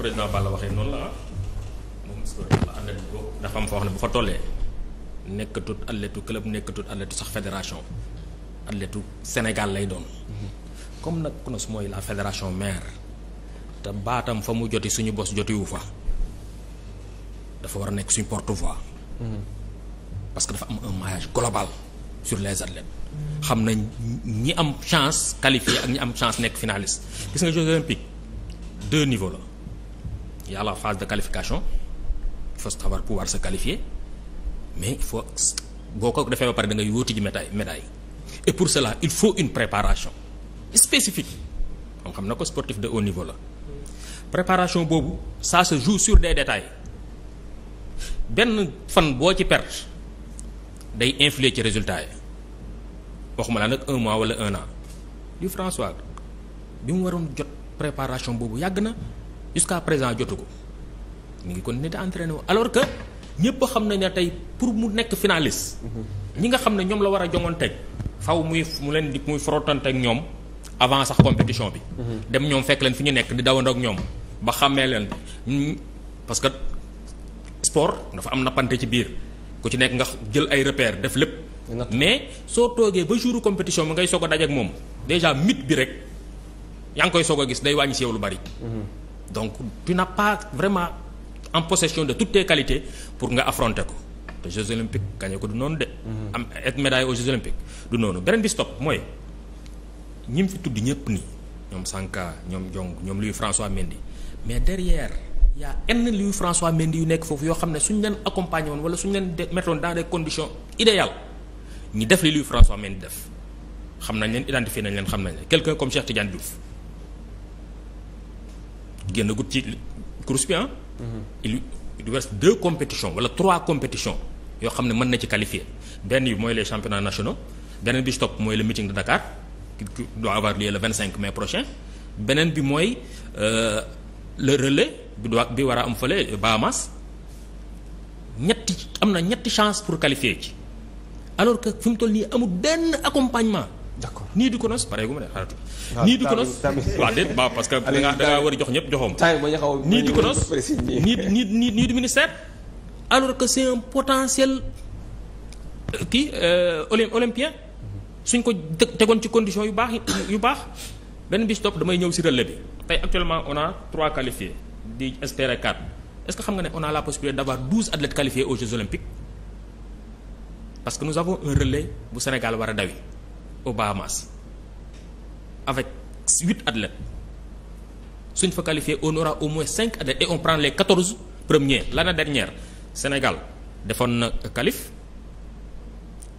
président Balla waxee noonu la ah moom am foo xam ne bu fa tollee nekkatut athlètu club nekkatut athlètu sax fédération athlètu Sénégal lay doon comme nag su mooy la fédération maire te baatam fa mu joti suñu bos jotiwu fa dafa war a nekk suñu porte-voix parce que dafa am un maillage global sur les athlètes xam na ñi am chance qualifié ak ñi am chance nekk finalist gis nga Jeux olympiques deux niveaux la il y phase de qualification il faut savoir pouvoir se qualifier mais il faut boo ko defee ba pare da ngay wóoti ji médaille médaille et pour cela il faut une préparation spécifique moom xam na ko sportif de haut niveau la préparation boobu ça se joue sur des détails benn fan boo ci perte day influer ci résultat yi waxuma la nag un mois wala un a du François bi mu waroon jot préparation boobu yàgg na jusqu'à présent jotu ko mu ngi continuer di entraîner alors que ñëpp xam nañ ne tey pour mu nekk finaliste. ñi nga xam ne ñoom la war a jonganteeg faw muy mu leen di muy ak ñoom avant sax compétition bi. dem ñoom fekk leen fi ñu nekk di dawandoo ak ñoom ba xàmmee leen parce que sport dafa am nappante ci biir ku ci nekk nga jël ay repères def lépp. mais soo toogee ba jouru compétition bi ngay soog a dajeek moom déjà mythe bi rek yaa ngi koy soog a gis day wàññi si lu bari. donc tu n'as pas vraiment en possession de tout tes qualités pour nga affronter ko te Jeux olympiques gagné ko du noonu de. Mhm. am et médaille aux Jeux olympiques du noonu beneen bi stop mooy ñi mu fi tudd ñëpp nii ñoom Sanka ñoom Jong ñoom Louis François Mendy mais derrière y' a enn Louis François Mendy yu nekk foofu yoo xam ne suñ leen accompagné woon wala suñ leen mettoon dans des conditions idéales ñi def li Louis François Mendy def xam nañ leen identifié nañ leen xam nañ leen quelqu'un comme Cheikh Tidiane génnagut ci course bi ah. Mm-hmm. il deux compétitions wala trois compétitions yoo xam ne mën na ci qualifier benn yi mooy les championnats nationaux beneen bi ci mooy le meeting de Dakar qui doit avoir lieu le 25 mai prochain beneen bi mooy euh, le relais bi doit bi war a am fële Bahamas ñetti am na ñetti chance pour qualifier ci alors que fi toll nii amul benn accompagnement. d'accord nii du ko pare gu ma de xaaratu. nii di ko nos waaw déet waaw parce que war a jox ñëpp joxoom. nii du ko nii nii nii nii du ministère. alors que c'est un potentiel euh, kii euh, olympien suñ ko tegoon ci condition yu baax yu baax benn bis topp damay ñëw si relais bi. tey actuellement on a trois qualifiés di espérer quatre est que xam nga ne on a la possibilité d'avoir douze athlètes qualifiés aux Jeux olympiques parce que nous avons un bu Sénégal war a dawi. aux Bahamas avec huit athlètes suñ fa qualifié on au moins cinq athlètes et on prend les quatorze premiers l'année dernière Sénégal defoon na qualif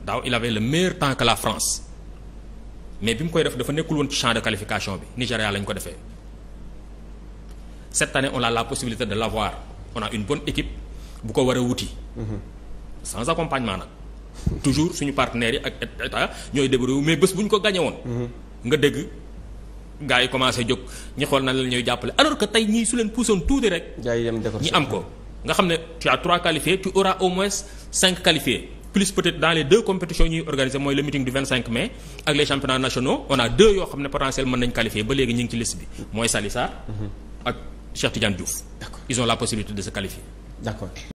daaw il avait le meilleur temps que la France mais bi mu koy def dafa nekkul woon ci champ de qualification bi Nigéria lañ ko defee cette année on a la possibilité de l'avoir on a une bonne équipe bu ko war a wuti mhm. sans accompagnement nag toujours suñu partenaires yi ak état ñooy débrouiller mais bés bu ñu ko gagné woon. Mhm. nga dégg gars yi commencé jóg ñi na nan la ñuy jàppale alors que tey ñii su leen puusoon tuuti rek. ñi am ko. nga xam ne trois qualifiés tu auras au moins cinq qualifiés plus peut-être dans les deux compétitions ñuy organisé mooy le meeting du 25 mai ak les championnats nationaux on a yoo xam ne potentiel mën nañ qualifié ba léegi ñu ngi ci liste bi mooy Salissar. Mhm. ak Cheikh Tidiane Diouf. ils ont la possibilité de se qualifier. d'accord.